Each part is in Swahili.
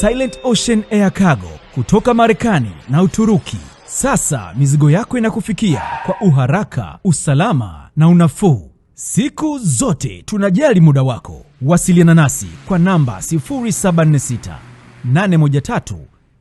Silent Ocean Air Cargo kutoka Marekani na Uturuki. Sasa mizigo yako inakufikia kwa uharaka, usalama na unafuu. Siku zote tunajali muda wako. Wasiliana nasi kwa namba 076 813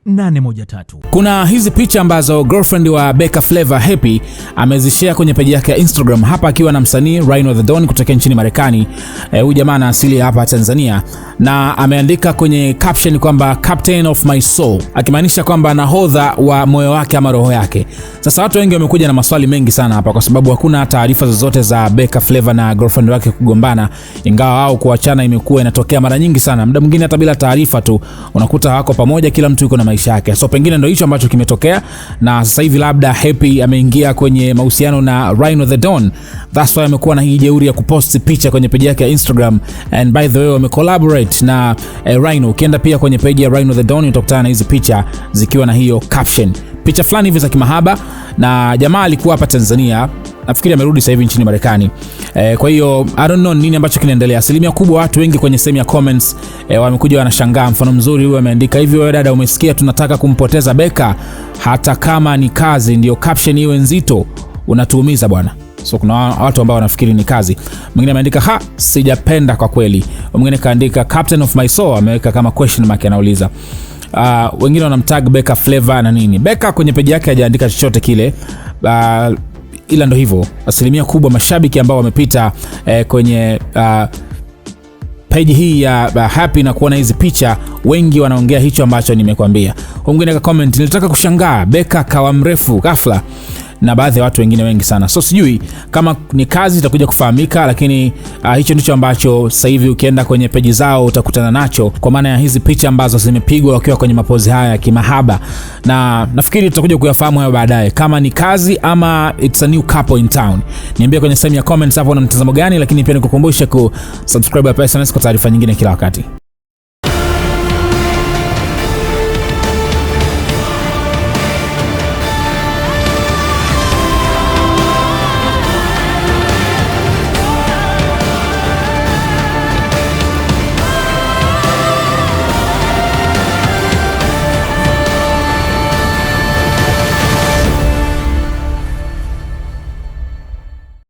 813. Kuna hizi picha ambazo girlfriend wa Beka Flava Happy amezishare kwenye peji yake ya Instagram, hapa akiwa na msanii Rhino the Don kutokea nchini Marekani. Eh, huyu e, jamaa ana asili hapa Tanzania na ameandika kwenye caption kwamba captain of my soul, akimaanisha kwamba nahodha wa moyo wake ama roho yake. Sasa watu wengi wamekuja na maswali mengi sana hapa, kwa sababu hakuna taarifa zozote za Beka Flavor na girlfriend wake kugombana, ingawa wao kuachana imekuwa inatokea mara nyingi sana. Muda mwingine hata bila taarifa tu unakuta wako pamoja, kila mtu yuko na maisha yake. So pengine ndio hicho ambacho kimetokea, na sasa hivi labda Happy ameingia kwenye mahusiano na Rhino the Don, that's why amekuwa na hii jeuri ya kupost picha kwenye page yake ya Instagram, and by the way wame Jet na eh, Rhino. Ukienda pia kwenye page ya Rhino the Don utakutana na hizi picha zikiwa na hiyo caption, picha fulani hivi za kimahaba, na jamaa alikuwa hapa Tanzania nafikiri amerudi sasa hivi nchini Marekani. E, kwa hiyo I don't know nini ambacho kinaendelea. Asilimia kubwa watu wengi kwenye sehemu ya comments e, wamekuja wanashangaa. Mfano mzuri huyu ameandika hivi, wewe dada, umesikia tunataka kumpoteza Beka, hata kama ni kazi, ndio caption iwe nzito, unatuumiza bwana. So kuna watu ambao wanafikiri ni kazi. Mwingine ameandika ha, sijapenda kwa kweli. Mwingine kaandika captain of my soul, ameweka kama question mark, anauliza uh, wengine wanamtag Beka Flavor na nini. Beka kwenye peji yake hajaandika chochote kile uh, ila ndo hivyo, asilimia kubwa mashabiki ambao wamepita eh, kwenye uh, ah, peji hii ya uh, Happy na kuona hizi picha, wengi wanaongea hicho ambacho nimekwambia. Mwingine ka comment, nilitaka kushangaa Beka kawa mrefu ghafla na baadhi ya watu wengine wengi sana. So sijui kama ni kazi itakuja kufahamika, lakini uh, hicho ndicho ambacho sasa hivi ukienda kwenye peji zao utakutana nacho, kwa maana ya hizi picha ambazo zimepigwa wakiwa kwenye mapozi haya ya kimahaba, na nafikiri tutakuja kuyafahamu hayo baadaye kama ni kazi ama it's a new couple in town. Niambie kwenye sehemu ya comments hapo na mtazamo gani, lakini pia nikukumbushe ku subscribe hapa SnS kwa taarifa nyingine kila wakati.